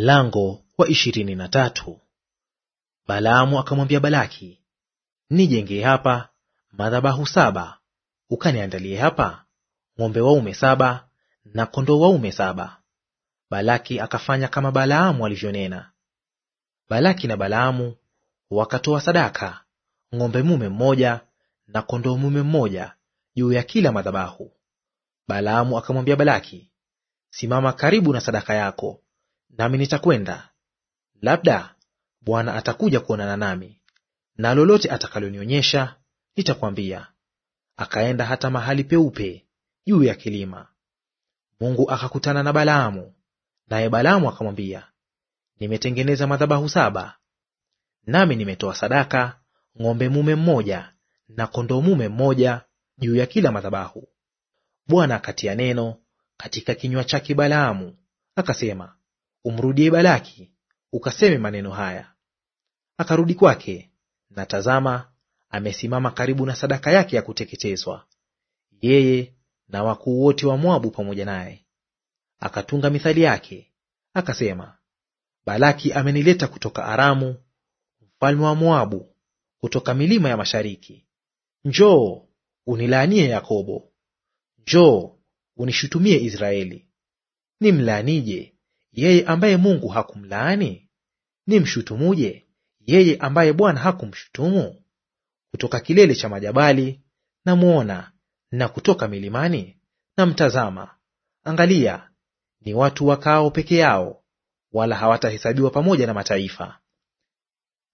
Mlango wa ishirini na tatu. Balaamu akamwambia Balaki, nijengee hapa madhabahu saba, ukaniandalie hapa ng'ombe waume saba na kondoo waume saba. Balaki akafanya kama Balaamu alivyonena. Balaki na Balaamu wakatoa sadaka ng'ombe mume mmoja na kondoo mume mmoja juu ya kila madhabahu. Balaamu akamwambia Balaki, simama karibu na sadaka yako nami nitakwenda; labda Bwana atakuja kuonana nami, na lolote atakalonionyesha nitakwambia. Akaenda hata mahali peupe juu ya kilima. Mungu akakutana na Balaamu, naye Balaamu akamwambia, nimetengeneza madhabahu saba, nami nimetoa sadaka ng'ombe mume mmoja na kondoo mume mmoja juu ya kila madhabahu. Bwana akatia neno katika kinywa chake Balaamu, akasema, umrudie Balaki ukaseme maneno haya. Akarudi kwake, na tazama, amesimama karibu na sadaka yake ya kuteketezwa, yeye na wakuu wote wa Moabu pamoja naye. Akatunga mithali yake akasema, Balaki amenileta kutoka Aramu, mfalme wa Moabu, kutoka milima ya mashariki. Njoo unilaanie Yakobo, njoo unishutumie Israeli. Nimlaanije yeye ambaye Mungu hakumlaani? ni mshutumuje yeye ambaye Bwana hakumshutumu? Kutoka kilele cha majabali namwona, na kutoka milimani namtazama. Angalia, ni watu wakaao peke yao, wala hawatahesabiwa pamoja na mataifa.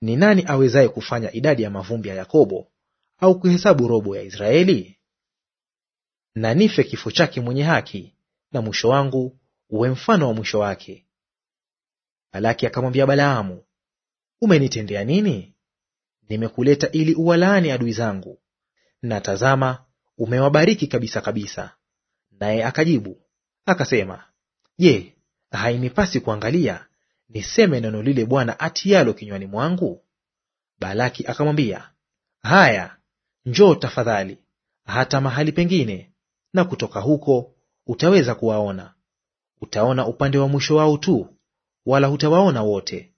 Ni nani awezaye kufanya idadi ya mavumbi ya Yakobo, au kuhesabu robo ya Israeli? Na nife kifo chake mwenye haki, na mwisho wangu uwe mfano wa mwisho wake. Balaki akamwambia Balaamu, umenitendea nini? Nimekuleta ili uwalaani adui zangu, na tazama, umewabariki kabisa kabisa. Naye akajibu akasema, Je, hainipasi kuangalia niseme neno lile Bwana atialo kinywani mwangu? Balaki akamwambia, haya, njoo tafadhali hata mahali pengine, na kutoka huko utaweza kuwaona utaona upande wa mwisho wao tu, wala hutawaona wote,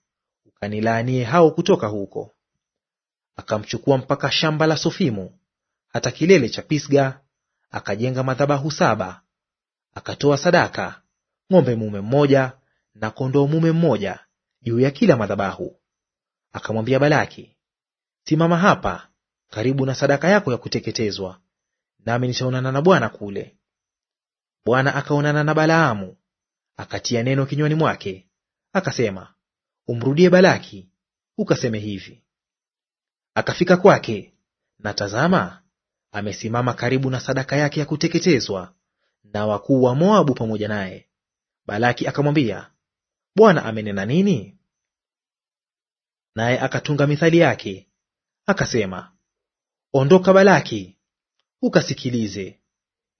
ukanilaanie hao kutoka huko. Akamchukua mpaka shamba la Sofimu hata kilele cha Pisga, akajenga madhabahu saba, akatoa sadaka ng'ombe mume mmoja na kondoo mume mmoja juu ya kila madhabahu. Akamwambia Balaki, simama hapa karibu na sadaka yako ya kuteketezwa, nami nitaonana na Bwana kule. Bwana akaonana na Balaamu akatia neno kinywani mwake, akasema, umrudie Balaki ukaseme hivi. Akafika kwake, na tazama, amesimama karibu na sadaka yake ya kuteketezwa na wakuu wa Moabu pamoja naye. Balaki akamwambia, Bwana amenena nini? Naye akatunga mithali yake akasema, ondoka Balaki, ukasikilize;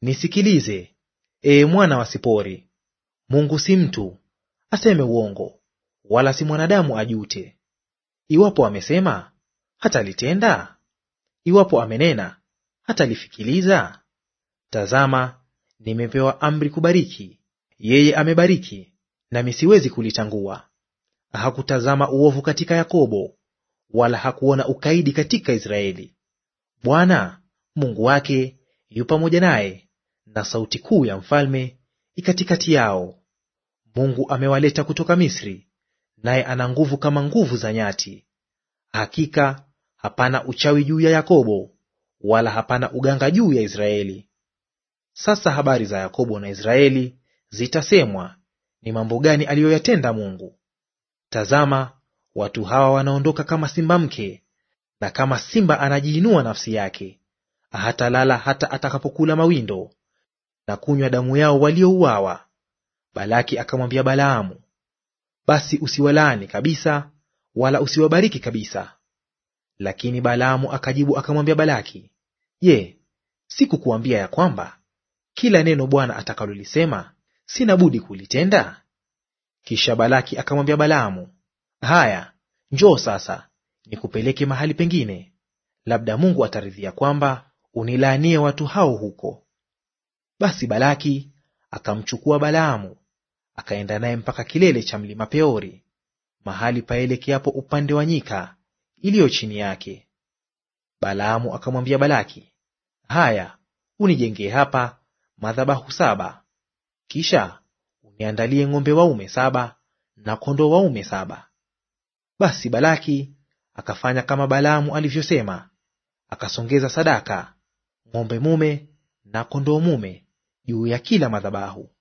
nisikilize, ee mwana wa Sipori. Mungu si mtu aseme uongo, wala si mwanadamu ajute. Iwapo amesema, hatalitenda? Iwapo amenena, hatalifikiliza? Tazama, nimepewa amri kubariki; yeye amebariki, nami siwezi kulitangua. Hakutazama uovu katika Yakobo, wala hakuona ukaidi katika Israeli. Bwana Mungu wake yu pamoja naye, na sauti kuu ya mfalme ikatikati yao. Mungu amewaleta kutoka Misri, naye ana nguvu kama nguvu za nyati. Hakika hapana uchawi juu ya Yakobo, wala hapana uganga juu ya Israeli. Sasa habari za Yakobo na Israeli zitasemwa, ni mambo gani aliyoyatenda Mungu? Tazama, watu hawa wanaondoka kama simba mke, na kama simba anajiinua nafsi yake. Hatalala hata atakapokula mawindo na kunywa damu yao waliouawa. Balaki akamwambia Balaamu, basi usiwalaani kabisa wala usiwabariki kabisa. Lakini Balaamu akajibu akamwambia Balaki, je, sikukuambia ya kwamba kila neno Bwana atakalolisema sina budi kulitenda? Kisha Balaki akamwambia Balaamu, haya, njoo sasa nikupeleke mahali pengine, labda Mungu ataridhia kwamba unilaanie watu hao huko. Basi Balaki akamchukua Balaamu akaenda naye mpaka kilele cha mlima Peori, mahali paelekeapo upande wa nyika iliyo chini yake. Balaamu akamwambia Balaki, haya, unijengee hapa madhabahu saba, kisha uniandalie ng'ombe waume saba na kondoo waume saba. Basi Balaki akafanya kama Balaamu alivyosema, akasongeza sadaka ng'ombe mume na kondoo mume juu ya kila madhabahu.